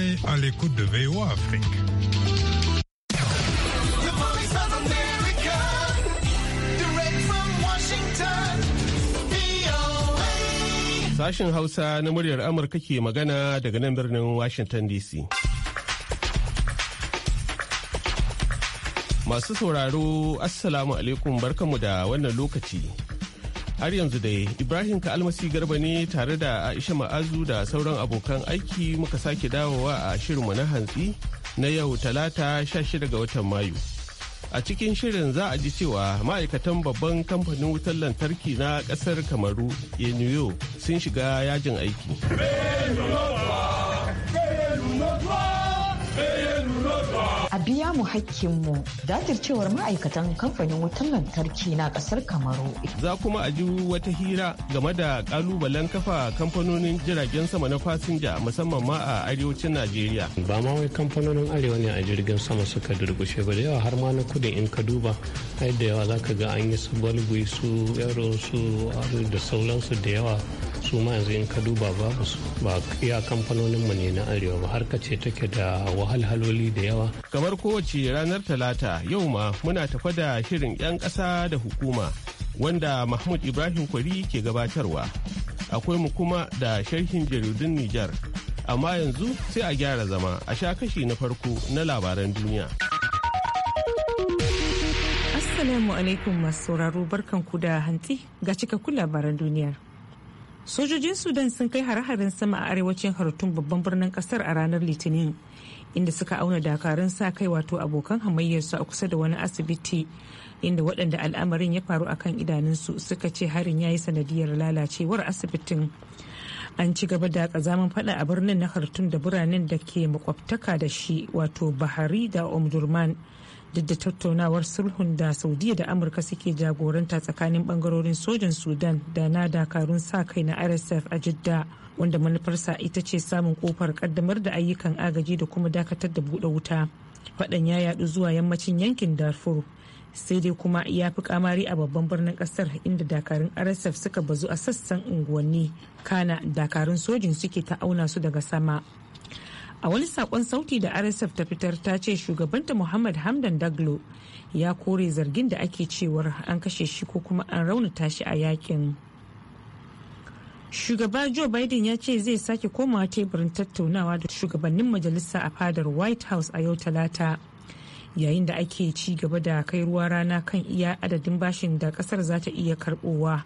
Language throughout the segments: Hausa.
journée à l'écoute de VO Afrique. Sashen Hausa na muryar Amurka ke magana daga nan birnin Washington DC. Masu sauraro, Assalamu alaikum barkanmu da wannan lokaci. Har yanzu dai Ibrahim Ka'almasi Garba ne tare da Aisha Ma'azu da sauran abokan aiki muka sake dawowa a shirinmu na hantsi na yau talata 16 ga watan Mayu. A cikin shirin za a ji cewa ma'aikatan babban kamfanin wutar lantarki na kasar Kamaru, yenuyo sun shiga yajin aiki. biya mu hakkinmu cewar ma'aikatan kamfanin wutan lantarki na kasar kamaru za kuma a ji wata hira game da kalubalen kafa kamfanonin jiragen sama na fasinja musamman ma a arewacin najeriya ba ma wai kamfanonin arewa ne a jirgin sama suka durgushe ba da yawa har ma na kudin in ka duba ai da yawa za ga an yi su balgui su yaro su da sauransu da yawa su ma yanzu in ka duba babu su ba iya kamfanonin mu ne na arewa ba har kace take da wahalhaloli da yawa kamar kowace ranar talata yau ma muna tafa da shirin 'yan ƙasa da hukuma wanda mahmud ibrahim kwari ke gabatarwa akwai mu kuma da sharhin jaridun nijar amma yanzu sai a gyara zama a sha kashi na farko na labaran duniya assalamu alaikum masu sauraro barkan ku da hantsi ga cikakkun labaran duniya. sojojin sudan sun kai hare-haren sama a arewacin hartun babban birnin kasar a ranar litinin inda suka auna dakarun sa kai wato abokan hamayyarsu a kusa da wani asibiti inda waɗanda al'amarin ya faru akan idanunsu suka ce harin ya yi sanadiyar lalacewar asibitin an ci gaba da kazaman fada a birnin na hartun da biranen da ke makwabtaka da shi wato bahari da omdurman duk da tattaunawar sulhun da saudiya da amurka suke jagoranta tsakanin bangarorin sojan sudan da na dakarun sa kai na rsf a jidda wanda manufarsa ita ce samun kofar kaddamar da ayyukan agaji da kuma dakatar da buɗe wuta faɗan ya yaɗu zuwa yammacin yankin darfur sai dai kuma ya fi kamari a babban birnin kasar inda dakarun rsf suka bazu a sassan unguwanni kana dakarun sojin suke ta auna su daga sama a wani sakon sauti da rsf ta fitar ta ce shugabanta muhammad hamdan daglo ya kore zargin da ake cewar an kashe shi ko kuma an raunata shi a yakin shugaba joe biden ya ce zai sake komawa teburin tattaunawa da shugabannin majalisa a fadar white house a yau talata yayin da ake ci gaba da kai ruwa rana kan iya adadin bashin da kasar za ta iya karbowa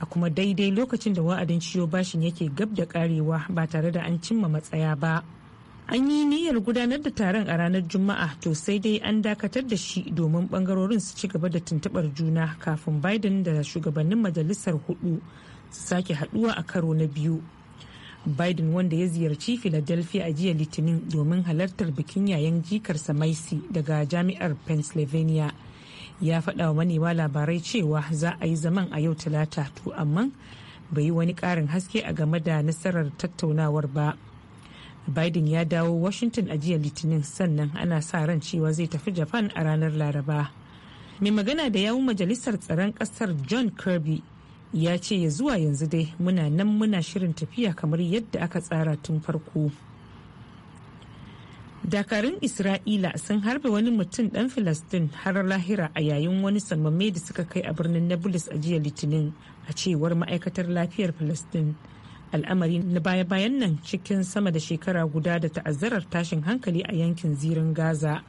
a kuma daidai lokacin da wa'adin ciyo bashin yake gab da karewa ba tare da an cimma matsaya ba. an yi niyyar gudanar da taron a ranar juma'a to sai dai an dakatar da shi domin bangarorin su ci gaba da tuntubar juna kafin biden da shugabannin majalisar hudu su sake haduwa a karo na biyu biden wanda ya ziyarci philadelphia a jiya litinin domin halartar bikin yayan jikarsa maisi daga jami'ar pennsylvania ya faɗa wa manema labarai cewa za a yi zaman a yau talata to amma bai yi wani ƙarin haske a game da nasarar tattaunawar ba. Biden ya dawo Washington a jiya Litinin sannan ana sa ran cewa zai tafi Japan a ranar Laraba. Mai magana da yawun Majalisar Tsaron kasar John Kirby ya ce ya zuwa yanzu dai muna nan muna shirin tafiya kamar yadda aka tsara tun farko. Dakarun Isra'ila sun harbe wani mutum dan Filastin har lahira a yayin wani samame da suka kai a birnin Nablus a jiya Litinin a cewar ma'aikatar lafiyar Filastin. al'amari na baya-bayan nan cikin sama da shekara guda da ta'azzarar tashin hankali a yankin zirin gaza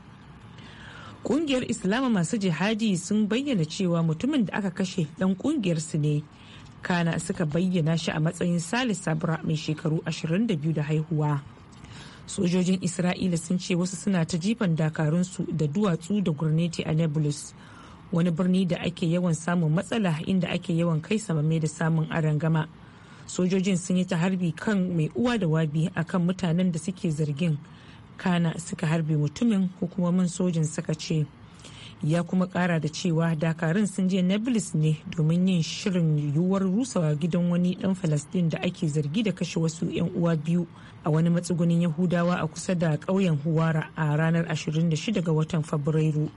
kungiyar islama masu jihadi sun bayyana cewa mutumin da aka kashe dan su ne kana suka bayyana shi a matsayin salis sabra mai shekaru 22 da haihuwa sojojin isra'ila sun ce wasu suna ta jifan dakarun su da duwatsu da gurneti a nebulus wani birni da ake yawan samun matsala inda ake yawan kai samame da samun arangama sojojin sun yi ta harbi kan mai uwa da wabi a kan mutanen da suke zargin kana suka harbi mutumin hukumomin sojin suka ce ya kuma kara da cewa dakarun sun je nablus ne domin yin shirin yiwuwar rusawa gidan wani dan falastin da ake zargi da kashe wasu 'yan uwa biyu a wani matsugunin yahudawa a kusa da ƙauyen huwara a ranar 26 ga watan fabrairu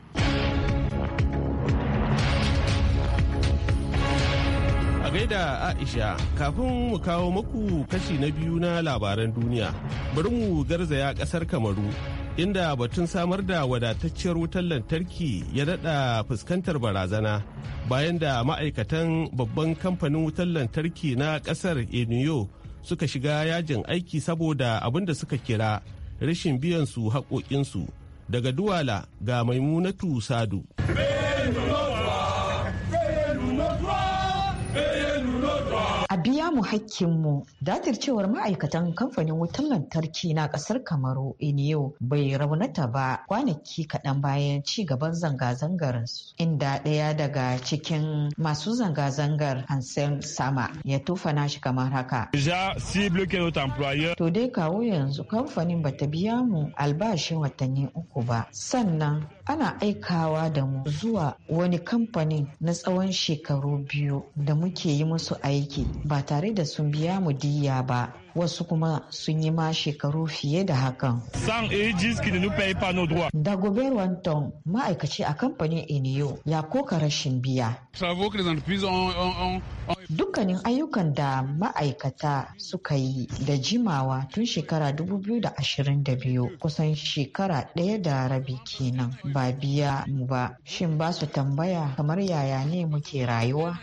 da Aisha kafin mu kawo muku kashi na biyu na labaran duniya. Bari mu garzaya kasar Kamaru inda batun samar da wadatacciyar wutar lantarki ya daɗa fuskantar barazana bayan da ma'aikatan babban kamfanin wutar lantarki na ƙasar Eniyo suka shiga yajin aiki saboda abin da suka kira rashin biyan su haƙoƙinsu daga Duwala ga Maimunatu Sadu. a biya mu hakkinmu datircewar ma'aikatan kamfanin wutan lantarki na kasar kamaru eniyo bai raunata ba kwanaki kaɗan bayan ci gaban zanga-zangar inda ɗaya daga cikin masu zanga-zangar hansen sama ya tufa shi kamar haka to dai kawo yanzu kamfanin ba ta biya mu albashin watanni uku ba sannan ana aikawa da mu zuwa wani kamfanin na tsawon shekaru biyu da muke yi musu aiki ba tare da sun biya mu diya ba wasu kuma sun yi ma shekaru fiye da hakan. Da Dagobert Wanton ma'aikaci a kamfanin Eniyo ya koka rashin biya. Dukkanin ayyukan da ma'aikata suka yi da jimawa tun shekara 2022 kusan shekara ɗaya da rabi kenan ba biya mu ba. Shin ba su tambaya kamar yaya ne muke rayuwa?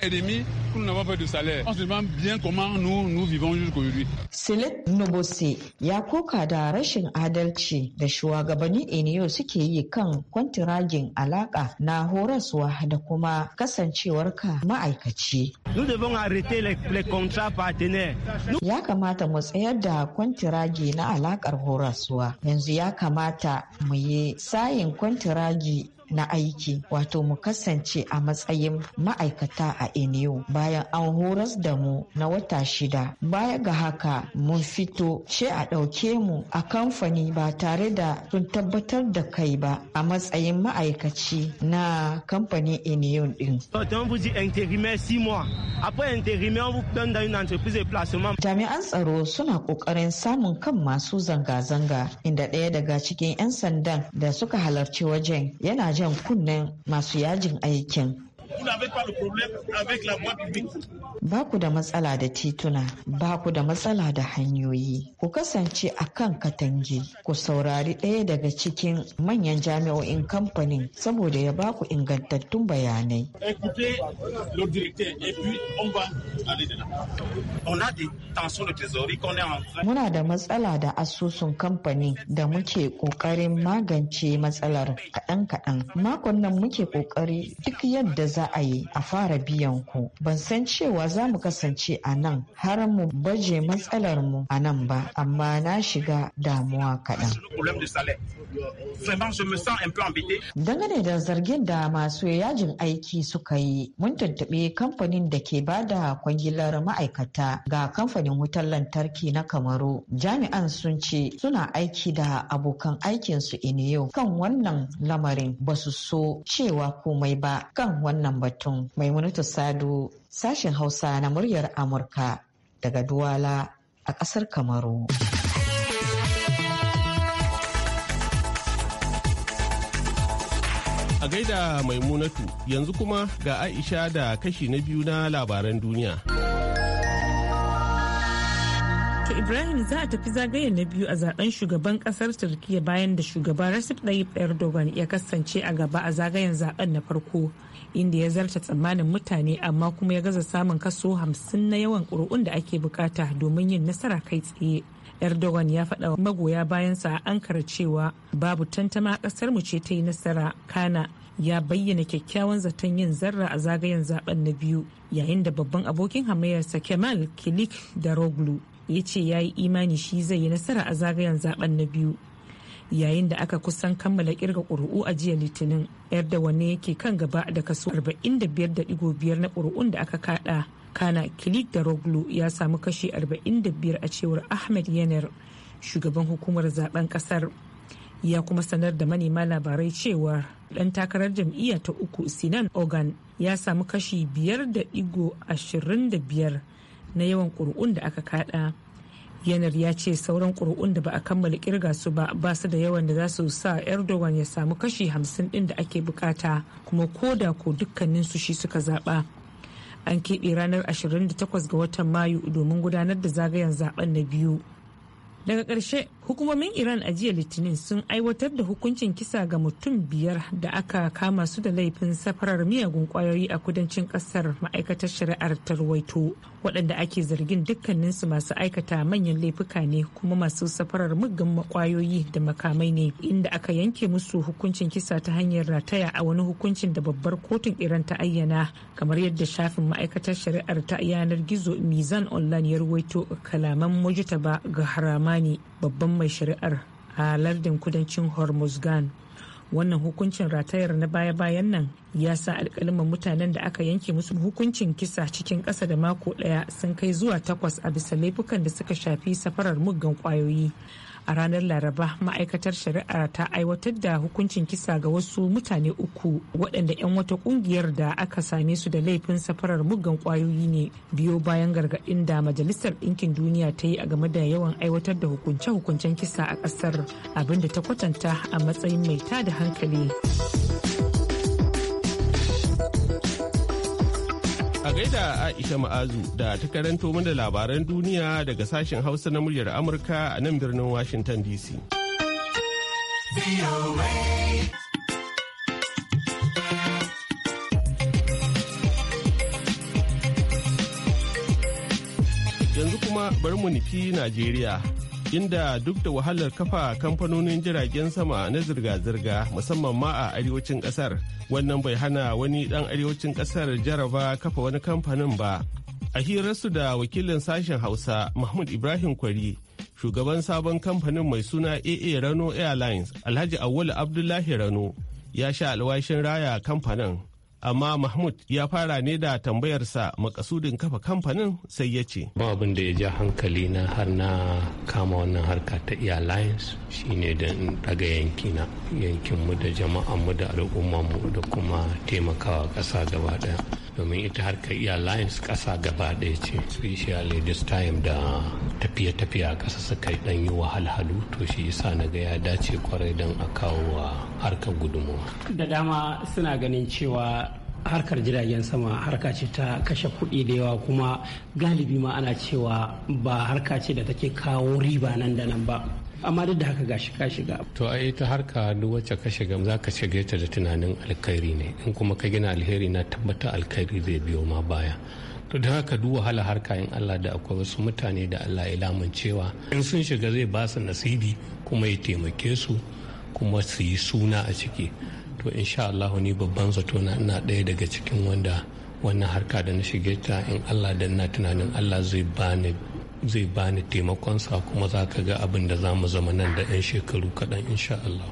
Silip Nobose ya koka da rashin adalci da shugabannin Eniyo suke yi kan kwantiragin alaka na horaswa da kuma kasancewarka ma'aikaci. Ya kamata mu tsayar da kwantiragi na alakar horaswa. Yanzu ya kamata mu yi sayin kwantiragi na aiki wato mu kasance a matsayin ma'aikata a eniyo bayan an horas da mu na wata shida baya ga haka mun fito ce a ɗauke mu a kamfani ba tare da sun tabbatar da kai ba a matsayin ma'aikaci na kamfanin eniyo din. Jami'an tsaro suna ƙoƙarin samun kan masu zanga-zanga inda ɗaya daga cikin 'yan sandan da suka halarci wajen yana jan kunnen masu yajin aikin vous n'avez pas de problème avec la voie publique. Ba ku da matsala da tituna, ba ku da matsala da hanyoyi. Ku kasance a kan katange, ku saurari ɗaya daga cikin manyan jami'o'in kamfanin saboda ya ba ku ingantattun bayanai. Muna da matsala da asusun kamfanin da muke ƙoƙarin magance matsalar kaɗan-kaɗan. Makon nan muke ƙoƙari duk yadda za a yi a fara biyan ku ban san cewa za mu kasance a nan har mu baje matsalar mu a nan ba amma na shiga damuwa kaɗan. Dangane da zargin da masu yajin aiki suka yi mun tuntuɓi kamfanin da ke ba da kwangilar ma'aikata ga kamfanin wutar lantarki na kamaru jami'an sun ce suna aiki da abokan aikinsu yau. kan wannan lamarin ba su so cewa komai ba kan wannan wannan batun. Maimunatu Sadu sashen Hausa na muryar Amurka daga Duwala a ƙasar Kamaru. A gaida Maimunatu yanzu kuma ga Aisha da kashi na biyu na labaran duniya. Ibrahim za a tafi zagaye na biyu a zaben shugaban kasar Turkiyya bayan da shugaba Recep Tayyip Erdogan ya kasance a gaba a zagayen zaben na farko inda ya zarta tsammanin mutane amma kuma ya gaza samun kaso hamsin na yawan ƙuri'un da ake bukata domin yin nasara kai tsaye. Erdogan ya faɗa magoya bayansa a Ankara cewa babu tantama ƙasar mu ce ta yi nasara kana ya bayyana kyakkyawan zaton yin zarra a zagayen zaben na biyu yayin da babban abokin hamayyarsa Kemal Kilik da Roglu ya ce ya yi imani shi zai yi nasara a zagayen zaben na biyu yayin da aka kusan kammala kirga kuri'u a jiya litinin erdogan ne yake kan gaba da kaso 45.5 na ƙuri'un da aka kada kana kilik da roglo ya samu kashi 45 a cewar ahmed yanar shugaban hukumar zaben kasar ya kuma sanar da manema labarai cewa dan takarar jam'iyya ta uku sinan ogan ya samu kashi 5.25 na yawan ƙuri'un da aka kada yanar ya ce sauran ƙuri'un da ba a kammala kirga su ba ba su da yawan da za su sa erdogan ya samu kashi hamsin ɗin da ake bukata kuma ko da ko dukkanin su shi suka zaɓa an keɓe ranar 28 ga watan mayu domin gudanar da zagayen zaben na biyu daga ƙarshe hukumomin iran a jiya litinin sun aiwatar da hukuncin kisa ga mutum biyar da aka kama su da laifin safarar miyagun kwayoyi a kudancin kasar ma'aikatar shari'ar tarwaito waɗanda ake zargin dukkaninsu masu aikata manyan laifuka ne kuma masu safarar muggan makwayoyi da makamai ne inda aka yanke musu hukuncin kisa ta hanyar rataya a wani hukuncin da babbar kotun iran ta ayyana kamar yadda shafin ma'aikatar shari'ar ta yanar gizo mizan online ya ruwaito kalaman mujtaba ga haramani babban mai shari'ar a lardin kudancin hormuzgan wannan hukuncin ratayar na baya-bayan nan ya sa alkalin mutanen da aka yanke musu hukuncin kisa cikin ƙasa da mako ɗaya sun kai zuwa takwas a bisa laifukan da suka shafi safarar muggan ƙwayoyi a ranar laraba ma'aikatar shari'a ta aiwatar da hukuncin kisa ga wasu mutane uku waɗanda 'yan wata ƙungiyar da aka same su da laifin safarar muggan ƙwayoyi ne biyo bayan gargaɗin da majalisar ɗinkin duniya ta yi a game da yawan aiwatar da hukunce-hukuncen kisa a ƙasar abinda ta kwatanta a matsayin mai tada hankali. gaida Aisha Ma'azu da ta karanto mana labaran duniya daga sashen Hausa na muryar Amurka a nan birnin Washington DC. Yanzu kuma bari mu nufi Najeriya. inda duk da wahalar kafa kamfanonin jiragen sama na zirga-zirga musamman ma a arewacin kasar wannan bai hana wani dan arewacin kasar jaraba kafa wani kamfanin ba a hirarsu da wakilin sashen hausa mahmud ibrahim kwari shugaban sabon kamfanin mai suna aa rano airlines alhaji awul abdullahi rano ya sha alwashin raya kamfanin amma mahmud ya fara ne da tambayarsa makasudin kafa kamfanin sai ya ce ba abin da ya ja hankali na har na kama wannan harka ta airlines shine da daga yankina yankinmu da jama'anmu da al'ummanmu da kuma taimakawa ƙasa gaba daya. domin ita harkar airlines ƙasa gaba daya ce Specially this time da tafiye tafiya a ƙasa suka ɗan yi wahalhalu to shi isa na ga ya dace kwarai don a kawo wa harkar gudunmawa. Da dama suna ganin cewa harkar jiragen sama harka ce ta kashe kuɗi da yawa kuma galibi ma ana cewa ba harka ce da take kawo riba nan da nan ba amma duk da haka ga shiga shiga to ai ta harka duk wacce ka shiga za ka shiga ta da tunanin alkhairi ne in kuma ka gina alheri na tabbata alkhairi zai biyo ma baya to da haka duk wahala harka in Allah da akwai wasu mutane da Allah ya lamuncewa in sun shiga zai ba su nasibi kuma ya taimake su kuma su yi suna a ciki to insha Allah ni babban zato na ina ɗaya daga cikin wanda wannan harka da na shige ta in Allah da ina tunanin Allah zai bani zai bani taimakon sa kuma za ka ga abin da za mu zama nan da 'yan shekaru kaɗan insha Allah.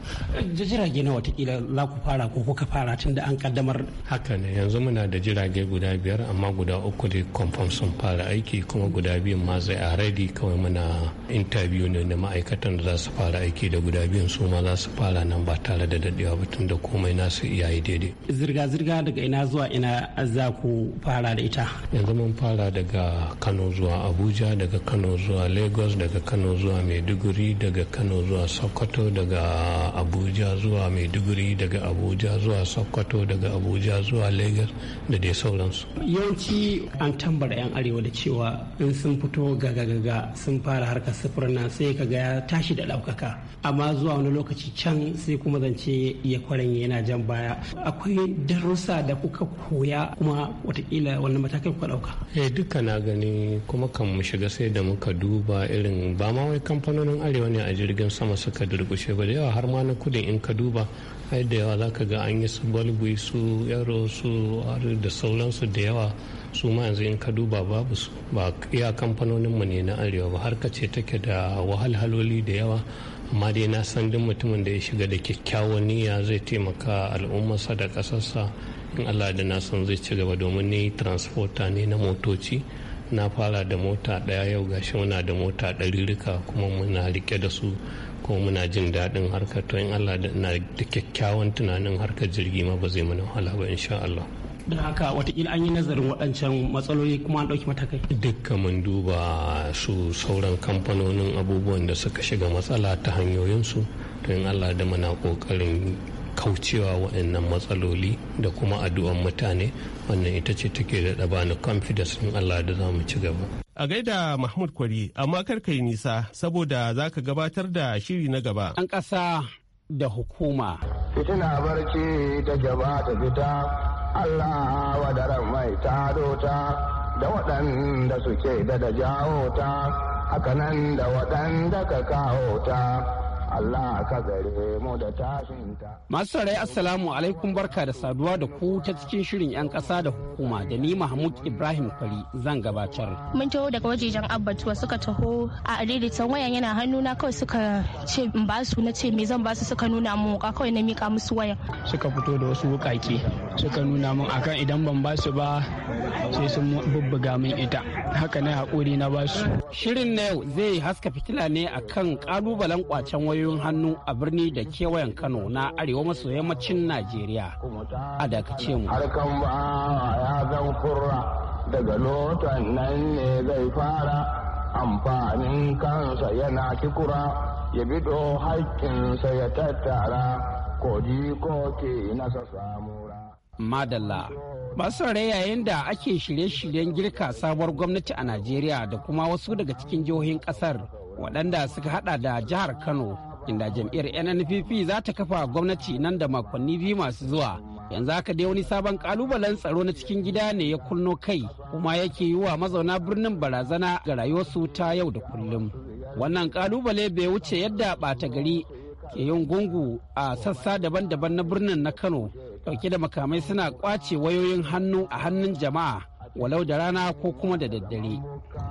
jirage na watakila za ku fara ko kuka fara tun da an kaddamar. haka ne yanzu muna da jirage guda biyar amma guda uku da confirm sun fara aiki kuma guda biyun ma zai a ready kawai muna interview ne na ma'aikatan da za su fara aiki da guda biyun su ma za su fara nan ba tare da dadewa ba tun da komai nasu yi daidai. zirga-zirga daga ina zuwa ina za ku fara da ita. yanzu mun fara daga kano zuwa abuja daga daga kano zuwa lagos daga kano zuwa maiduguri daga kano zuwa sokoto daga abuja zuwa maiduguri daga abuja zuwa sokoto daga abuja zuwa lagos da dai sauransu yawanci an tambara 'yan arewa da cewa in sun fito gaga-gaga sun fara harkar sufurin nan sai ka ga ya tashi da ɗaukaka amma zuwa wani lokaci can sai kuma zance ya kwaranye yana jan baya akwai darussa da kuka koya kuma wataƙila wani matakai kuka ɗauka eh duka na gani kuma kan mu shiga sai sai da muka duba irin ba ma wai kamfanonin arewa ne a jirgin sama suka durkushe ba da yawa har ma na kudin in ka duba ai da yawa za ka ga an yi su balgui su yaro su da sauransu da yawa su ma yanzu in ka duba babu su ba iya mu ne na arewa ba har ka ce take da wahalhaloli da yawa amma dai na san duk mutumin da ya shiga da kyakkyawan niyya zai taimaka al'ummarsa da ƙasarsa in allah da na san zai ci gaba domin ni transporta ne na motoci na fara da mota ɗaya yau gashi muna da mota rika kuma muna rike da su kuma muna jin daɗin harkar to in Allah na da kyakkyawan tunanin harkar jirgi ma ba zai mana wahala ba insha Allah. don haka watakila an yi nazarin waɗancan matsaloli kuma an ɗauki matakai dukka mun duba su sauran kamfanonin abubuwan da suka shiga matsala ta hanyoyinsu to in allah da muna ƙoƙarin kaucewa waɗannan matsaloli da kuma addu'an mutane wannan ita ce take da bani confidence in Allah da za mu ci gaba. A gaida Mahmud Kwari amma kar yi nisa saboda za ka gabatar da shiri na gaba. An ƙasa da hukuma. Fitina barci ta gaba ta fita Allah wa wadaran mai ta ta da waɗanda suke da da jawo ta nan da waɗanda ka kawo ta. Allah ka gare mu da tashinta. Masu sarai Assalamu alaikum barka da saduwa da ku ta cikin shirin 'yan ƙasa da hukuma da ni Mahmud Ibrahim Kwari zan gabatar. Mun taho daga wajejen abbatuwa suka taho a adiritan wayan yana hannuna kawai suka ce in ba su na ce me zan ba su suka nuna mu wuka kawai na mika musu wayan. Suka fito da wasu wukaki suka nuna mun akan idan ban ba su ba sai sun bubbuga min ita haka ne haƙuri na ba su. Shirin na yau zai haska fitila ne akan ƙalubalen kwacen wayo wayoyin hannu a birni da kewayen Kano na arewa maso yammacin Najeriya. A dakace mu. Harkan ba ya zan kurra daga lotan nan ne zai fara amfanin kansa yana kikura ya bido haƙƙinsa ya tattara. Madalla. Masu yayin da ake shirye-shiryen girka sabuwar gwamnati a Najeriya da kuma wasu daga cikin jihohin kasar waɗanda suka hada da jihar Kano inda jam'iyyar nnpp za ta kafa gwamnati nan da makonni biyu masu zuwa yanzu haka dai wani sabon kalubalen tsaro na cikin gida ne ya kunno kai kuma yake yi wa mazauna birnin barazana ga rayuwarsu ta yau da kullum wannan kalubale bai wuce yadda ɓata gari ke yin gungu a sassa daban-daban na birnin na kano dauke da makamai suna kwace wayoyin hannu a hannun jama'a walau da rana ko kuma da daddare.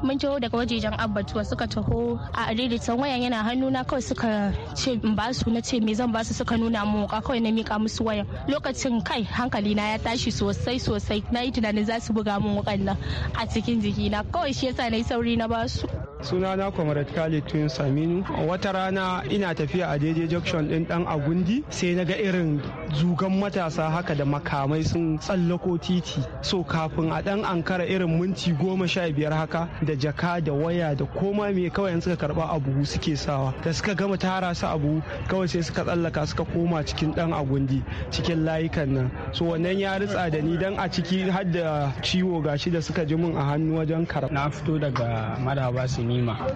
Mun taho daga wajejen abbatuwa suka taho a adiritan wayan yana hannuna kawai suka ce in ba su na ce me zan ba su suka nuna mu ka kawai na mika musu wayan lokacin kai hankali na ya tashi sosai sosai na yi tunanin za su buga mun wukan nan a cikin jikina kawai shi yasa na yi sauri na ba su. sunana comrade khalid twin saminu wata rana ina tafiya a daidai junction din dan agundi sai na ga irin zugan matasa haka da makamai sun tsallako titi so kafin a dan ankara irin minti goma sha biyar haka da jaka da waya da koma mai kawai in suka karba abu suke sawa da suka gama tara su abu kawai sai suka tsallaka suka koma cikin dan agundi cikin layukan nan so wannan ya ritsa da ni dan a ciki har da ciwo gashi da suka ji mun a hannu wajen karba na fito daga maraba sun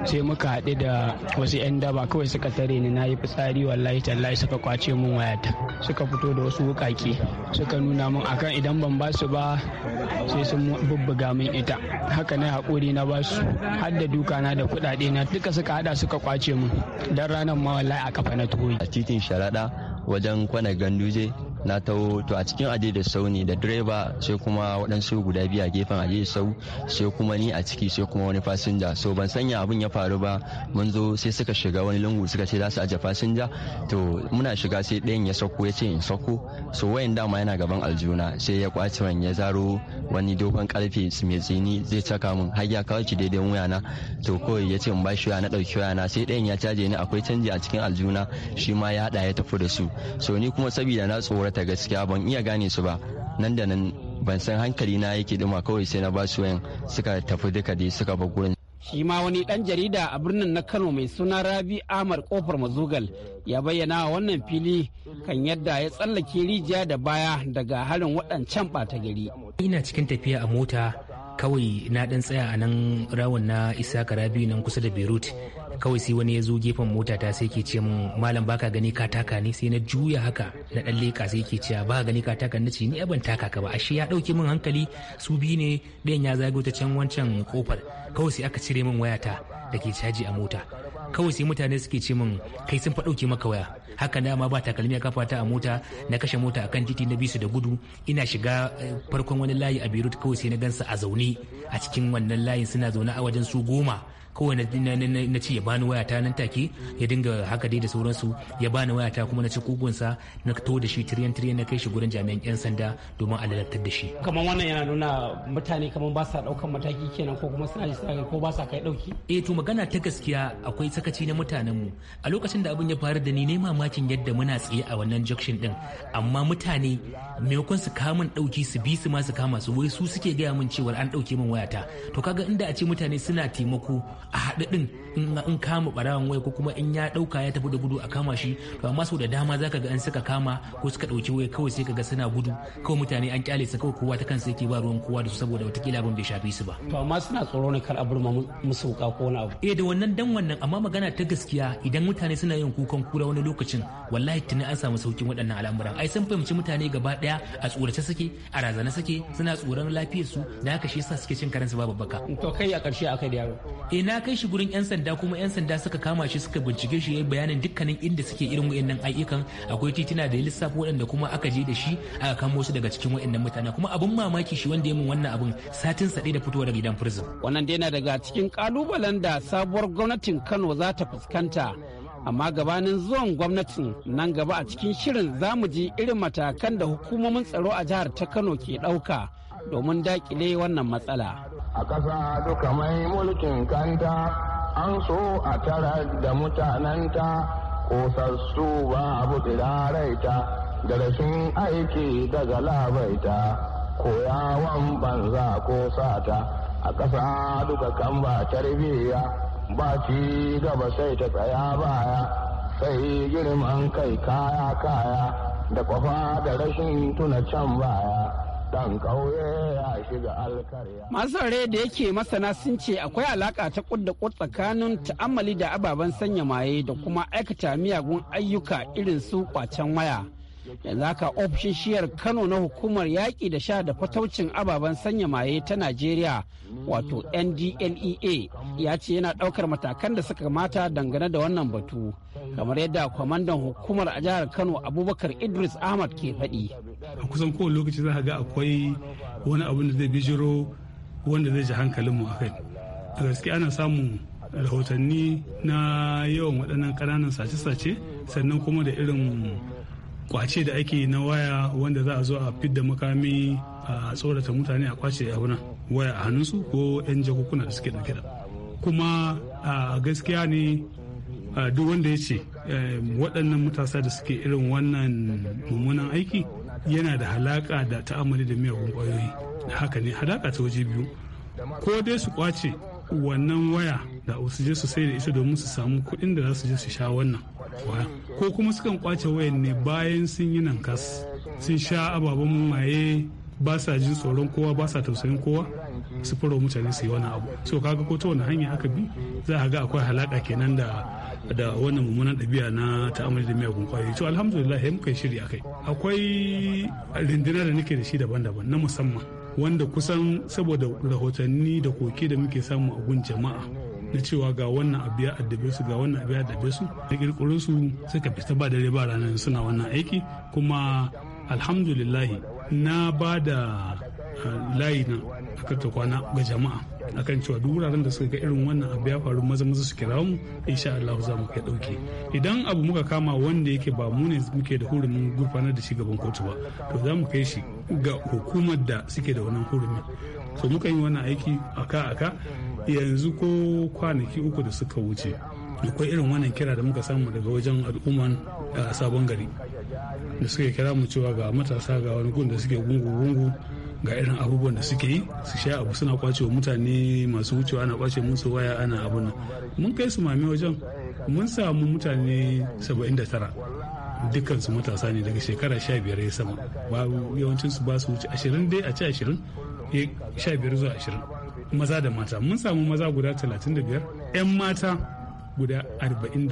sai muka haɗu da wasu 'yan daba kawai suka tare ni na yi fitsari wallahi tallahi suka kwace min wayata suka fito da wasu wukake suka nuna min akan idan ban ba su ba sai sun bubbuga min ita haka na haƙuri na ba su har da duka na da kuɗaɗe na duka suka haɗa suka kwace min dan ranar ma wallahi a kafa na a titin sharaɗa wajen kwana ganduje na taho to a cikin aje da sau ne da direba sai kuma waɗansu guda biyu a gefen aje sau sai kuma ni a ciki sai kuma wani fasinja so ban sanya abin ya faru ba mun zo sai suka shiga wani lungu suka ce za su aje fasinja to muna shiga sai ɗayan ya sauko ya ce in sauko so wayan dama yana gaban aljuna sai ya kwace wani ya zaro wani dogon karfe mai tsini zai caka min har ya kawo shi daidai wuyana to kawai ya ce in ba shi na ɗauki wayana sai ɗayan ya caje ni akwai canji a cikin aljuna shi ma ya haɗa ya tafi da su so ni kuma saboda na tsoro ta gaskiya ban iya gane su ba nan da nan ban san hankali na yake dima kawai sai na ba su wayan suka tafi duka dai suka bar gurin shi ma wani dan jarida a birnin na kano mai suna rabi ahmad kofar mazugal ya bayyana wannan fili kan yadda ya tsallake rijiya da baya daga harin waɗancan ɓata gari ina cikin tafiya a mota kawai na ɗan tsaya a nan rawun na isa karabi nan kusa da beirut kawai sai wani ya zo gefen mota ta sai ke ce min malam baka gani ka taka ne sai na juya haka na dan leka sai ke cewa ba gani ka taka ce ni ban taka ka ba ashe ya ɗauke min hankali su biyu ne ɗayan ya zago ta can wancan kofar kawai sai aka cire min wayata da ke caji a mota kawai sai mutane suke ce min kai sun fa dauke maka waya haka na ma ba takalmi a kafa ta a mota na kashe mota akan titi na bisu da gudu ina shiga eh, farkon wani layi a Beirut kawai sai na gansa a zaune a cikin wannan layin suna zaune a wajen su goma kowane na ci ya bani wayata nan take ya dinga haka dai da sauransu ya bani wayata kuma na ci kugunsa na to da shi tiryan tiryan na kai shi gurin jami'an yan sanda domin a lalatar da shi kamar wannan yana nuna mutane kamar ba sa daukan mataki kenan ko kuma suna jisa ko ba sa kai dauki eh to magana ta gaskiya akwai sakaci na mutanen mu a lokacin da abin ya faru da ni ne mamakin yadda muna tsaye a wannan junction din amma mutane maimakon su kamun dauki su bi su ma su kama su wai su suke gaya min cewar an dauke min wayata to kaga inda a ce mutane suna taimako a haɗu in kama ɓarawan waya ko kuma in ya ɗauka ya tafi da gudu a kama shi to amma sau da dama zaka ga an suka kama ko suka ɗauki waya kawai sai kaga suna gudu kawai mutane an kyale su kawai kowa ta kansa yake ba ruwan kowa da su saboda watakila ban bai shafi su ba. to amma suna tsoro ne kar a burma musu wuka ko wani abu. eh da wannan dan wannan amma magana ta gaskiya idan mutane suna yin kukan kura wani lokacin wallahi tuni an samu saukin waɗannan al'amuran ai sun fahimci mutane gaba ɗaya a tsorace suke a razana suke suna tsoron lafiyarsu da haka shi yasa suke cin karansu babu baka. to kai a ƙarshe akai da yaro. eh na ya kai shi gurin 'yan sanda kuma 'yan sanda suka kama shi suka bincike shi ya bayanin dukkanin inda suke irin wa'annan ayyukan akwai tituna da lissafi waɗanda kuma aka je da shi aka kamo su daga cikin wa'annan mutane kuma abun mamaki shi wanda ya min wannan abun satin sa da fitowa daga gidan prison. wannan dai na daga cikin kalubalen da sabuwar gwamnatin kano za ta fuskanta amma gabanin zuwan gwamnatin nan gaba a cikin shirin za mu ji irin matakan da hukumomin tsaro a jihar ta kano ke ɗauka domin daƙile wannan matsala. a ƙasa duka mai mulkin kanta an so a tara da mutananta kosassu ba abu tsiraraita da rashin aiki daga labaita koyawan banza ko sata a ƙasa duka kan ba tarbiyya ba ci gaba sai ta tsaya baya sai girman kai kaya kaya da kwafa da rashin tuna can baya dan kauye ya shiga alkarya. Masu rai da yake masana sun ce akwai alaka ta kudda da tsakanin ta'ammali da ababen sanya maye da kuma aikata miyagun ayyuka irin su kwacen waya. yanzu haka ofishin shiyar kano na hukumar yaƙi da sha da fataucin ababen sanya maye ta najeriya wato ndlea ya ce yana ɗaukar matakan da suka mata dangane da wannan batu kamar yadda kwamandan hukumar a jihar kano abubakar idris ahmad ke faɗi a kusan kowane lokaci za ga akwai wani abin da zai bijiro wanda zai ji hankalinmu a kai a gaske ana samun rahotanni na yawan waɗannan ƙananan sace-sace sannan kuma da irin kwace da ake na waya wanda za a zo a fidda makami a tsorata mutane a kwace wuna waya a hannunsu ko 'yan jagokuna da suke dauke da kuma a gaskiya ne duk wanda ya ce waɗannan matasa da suke irin wannan mummunan aiki yana da halaka da ta'amali da miyagun ƙwayoyi haka ne halaka ta waje biyu ko dai su kwace wannan waya da su je su sai da ita domin su samu kuɗin da za su je su sha wannan waya ko kuma sukan kwace wayan ne bayan sun yi nan kas sun sha ababen maye ba sa jin tsoron kowa ba sa tausayin kowa su fara mutane su yi wani abu so kaga ko ta wani hanya aka bi za a ga akwai halaka kenan da da wannan mummunan ɗabi'a na ta'amali da miyagun kwayoyi to alhamdulillah ya muka yi shiri akai akwai rindina da nake da shi daban-daban na musamman wanda kusan saboda rahotanni da koke da muke samu a gun jama'a na cewa ga wannan abu ya addabe su ga wannan abu ya addabe su na kirkiro su sai ka fita ba dare ba ranar suna wannan aiki kuma alhamdulillahi na ba da eh, layi na aka kwana ga jama'a akan cewa duk wuraren da suka ga irin wannan abu ya faru maza maza su kira mu insha Allah za mu kai dauke idan abu muka kama wanda yake ba mu ne muke da hurumin gurfanar da shi gaban kotu ba to za mu kai shi ga hukumar da suke da wannan hurumin so muka yi wannan aiki aka aka yanzu ko kwanaki uku da suka wuce akwai irin wannan kira da muka samu daga wajen al'umman a sabon gari da suka kira mu cewa ga matasa ga wani gun da suke gungu-gungu ga irin abubuwan da suke yi su sha abu suna kwace wa mutane masu wucewa ana kwace musu waya ana abun nan mun kai su mami wajen mun samu mutane 79 su matasa ne daga shekara 15 ya sama yawancinsu ba su wuce 20 dai a ci 20 15 zuwa ashirin. maza da mata mun samu maza guda 35 'yan mata guda 44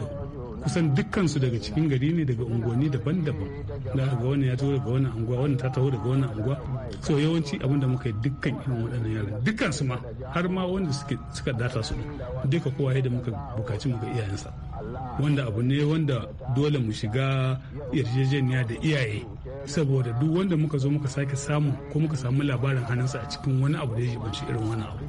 kusan dukkansu daga cikin gari ne daga unguwanni daban-daban da ga wani ya taho daga wani anguwa wani ta taho daga wani anguwa so yawanci abinda muka yi dukkan irin waɗannan yaran dukkansu ma har ma wanda suka data su duka kowa yadda muka bukaci muka iyayensa wanda abu ne wanda dole mu shiga yarjejeniya da iyaye saboda duk wanda muka zo muka sake samu ko muka samu labarin hannunsa a cikin wani abu da ya shi irin wani abu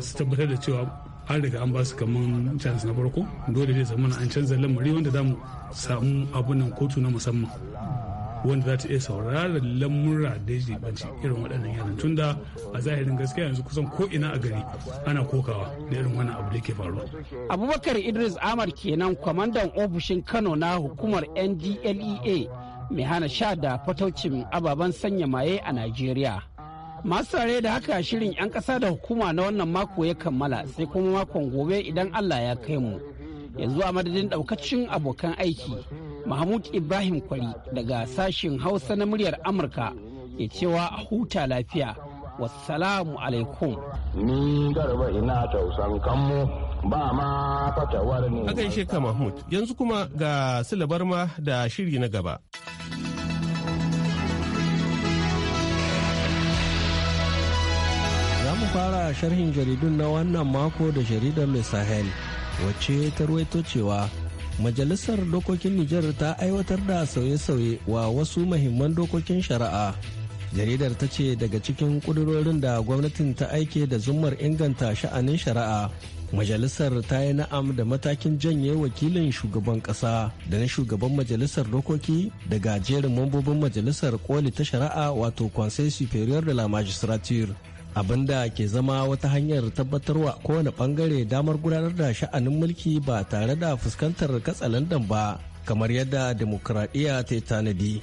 su tabbatar da cewa an riga an ba su kaman chance na farko dole zai zama an canza lamari wanda za mu samu abunan kotu na musamman wanda za ta iya sauraron lamura da ya banci irin waɗannan yaran tunda a zahirin gaskiya yanzu kusan ko ina a gari ana kokawa da irin wannan abu da ke faruwa. abubakar idris ahmad kenan kwamandan ofishin kano na hukumar ndlea mai hana sha da fataucin ababen sanya maye a nigeria. Masu tare da haka shirin 'yan ƙasa da hukuma na wannan mako ya kammala sai kuma makon gobe idan Allah ya kai mu. Yanzu a madadin daukacin abokan aiki, Mahmud Ibrahim Kwari daga sashen Hausa na muryar Amurka ya cewa a huta lafiya. wasalamu alaikum. Ni garba ina tausan kanmu ba ma fatawar ne. A gaishe ka Mahmud, yanzu kuma ga silabar ma da shiri na gaba. fara sharhin jaridun na wannan mako da jaridar Le Sahel wacce ta ruwaito cewa Majalisar Dokokin Nijar ta aiwatar da sauye-sauye wa wasu mahimman dokokin shari'a. Jaridar ta ce daga cikin kudurorin da gwamnatin ta aike da zumar inganta sha'anin shari'a. Majalisar ta yi na'am da matakin janye wakilin shugaban ƙasa da na shugaban majalisar dokoki daga jerin mambobin majalisar koli ta shari'a wato Conseil Superior de la Magistrature. abinda ke zama wata hanyar tabbatarwa kowane bangare damar gudanar da sha'anin mulki ba tare da fuskantar katsalandan ba kamar yadda demokuraɗiyya ta yi tanadi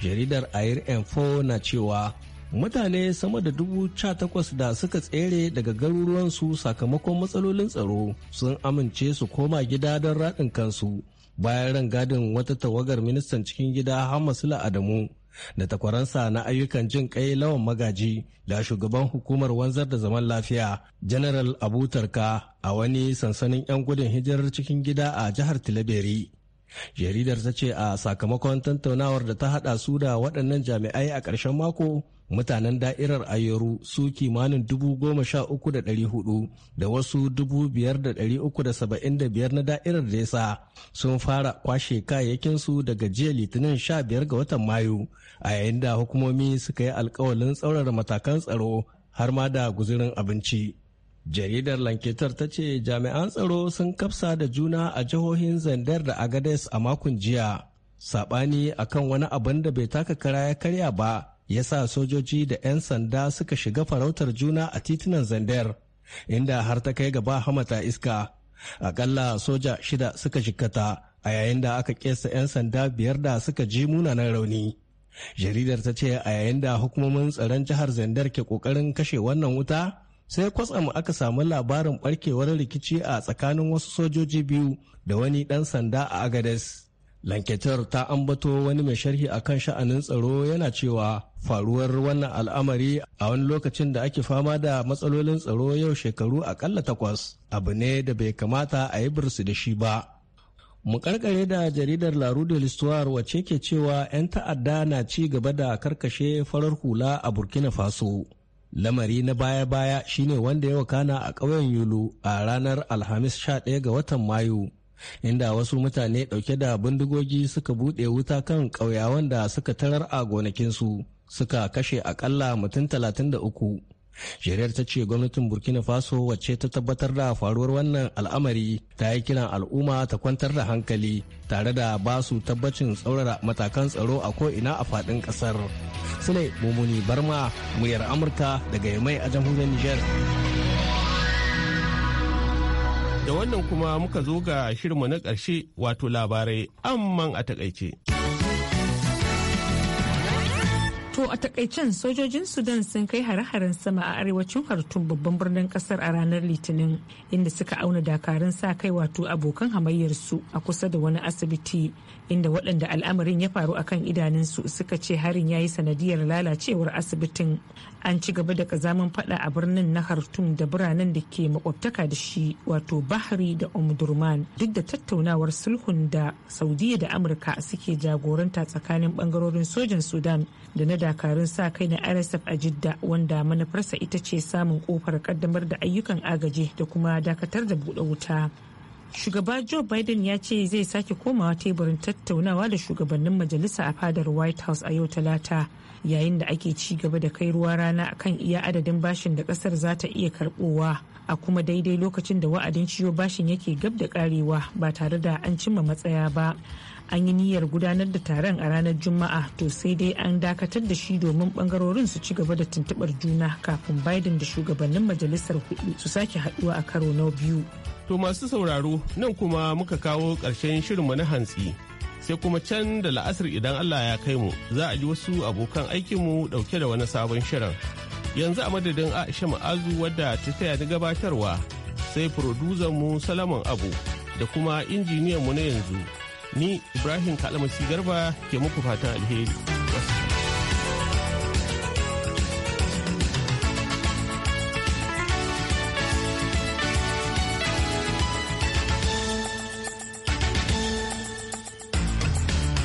jaridar air info na cewa mutane sama da dubu sha takwas da suka tsere daga garuruwansu sakamakon matsalolin tsaro sun amince su koma gida don raɗin kansu bayan rangadin wata tawagar ministan cikin gida hamasula adamu da takwaransa na ayyukan jin kai lawan magaji da shugaban hukumar wanzar da zaman lafiya general tarka a wani sansanin 'yan gudun hijirar cikin gida a jihar tilaberi jaridar ta ce a sakamakon tattaunawar da ta hada su da waɗannan jami'ai a ƙarshen mako mutanen da'irar ayoru su kimanin dubu goma sha uku da ɗari hudu da wasu dubu biyar da ɗari uku da saba'in da biyar na da'irar desa sun fara kwashe kayayyakinsu daga jiya litinin sha biyar ga watan mayu a yayin da hukumomi suka yi alkawalin tsaurara matakan tsaro har ma da guzurin abinci jaridar lanketar ta ce jami'an tsaro sun kafsa da juna a jihohin zandar da agades a makon jiya saɓani akan wani abin da bai taka kara ya karya ba ya sa sojoji da 'yan sanda suka shiga farautar juna a titunan zandar inda har ta kai gaba hamata iska akalla soja shida suka jikkata a yayin da aka kesa 'yan sanda biyar da suka ji munanan rauni jaridar ta ce a yayin da hukumomin tsaron jihar zandar ke kokarin kashe wannan wuta sai kwatsam aka samu labarin barkewar rikici a tsakanin wasu sojoji biyu da wani ɗan sanda a agades lanketar ta ambato wani mai sharhi a kan sha'anin tsaro yana cewa faruwar wannan al'amari a wani lokacin da ake fama da matsalolin tsaro yau shekaru akalla takwas abu ne da bai kamata a yi birsu da shi ba mu karkare da jaridar la rue de l'histoire wacce ke cewa 'yan ta'adda na ci gaba da karkashe farar hula a burkina faso Lamari na baya-baya shine wanda ya wakana a ƙauyen Yulu a ranar Alhamis 11 ga watan Mayu. inda wasu mutane dauke da bindigogi suka bude wuta kan ƙauyawan da suka tarar a gonakinsu suka kashe akalla mutum 33 Shari'ar ta ce gwamnatin Burkina Faso wacce ta tabbatar da faruwar wannan al'amari ta yi kiran al'umma ta kwantar da hankali tare da ba su tabbacin tsaurara matakan tsaro a ko'ina a faɗin ƙasar. Sule Mumuni Barma, muryar Amurka daga Yamai a jamhuriyar Nijar. Da wannan kuma muka zo ga shirinmu na ƙarshe wato labarai amman a takaice. To a takaicen sojojin Sudan sun kai hare-haren sama a arewacin Khartoum babban birnin kasar a ranar Litinin inda suka auna dakarun sa kai wato abokan hamayyarsu a kusa da wani asibiti inda waɗanda al'amarin ya faru akan idanunsu suka ce harin ya yi sanadiyar lalacewar asibitin. an ci gaba da kazamin fada a birnin na hartum da biranen da ke makwabtaka da shi wato bahari da omdurman umm duk da tattaunawar sulhun da saudiya da amurka suke jagoranta tsakanin bangarorin sojan sudan da na dakarun sa kai na rsf a jidda wanda manufarsa ita ce samun kofar kaddamar da ayyukan agaji da kuma dakatar da buɗe wuta shugaba joe biden ya ce zai sake komawa teburin tattaunawa da shugabannin majalisa a fadar white house a yau talata yayin da ake ci gaba da kai ruwa rana kan iya adadin bashin da kasar za ta iya karbowa a kuma daidai lokacin da wa'adin ciwo bashin yake gab da karewa ba tare da an cimma matsaya ba an yi niyyar gudanar da taron a ranar juma'a to sai dai an dakatar da shi domin bangarorin su ci gaba da tuntubar juna kafin biden da shugabannin majalisar hudu su sake haduwa a karo na biyu to masu sauraro nan kuma muka kawo ƙarshen shirinmu na hantsi sai kuma can da la'asar idan Allah ya kai mu za a ji wasu abokan aikinmu dauke da wani sabon shirin. Yanzu a madadin Aisha Ma'azu wadda ta taya ni gabatarwa sai mu Salaman Abu da kuma injiniyanmu na yanzu. Ni Ibrahim Kalamasi Garba ke muku fatan alheri.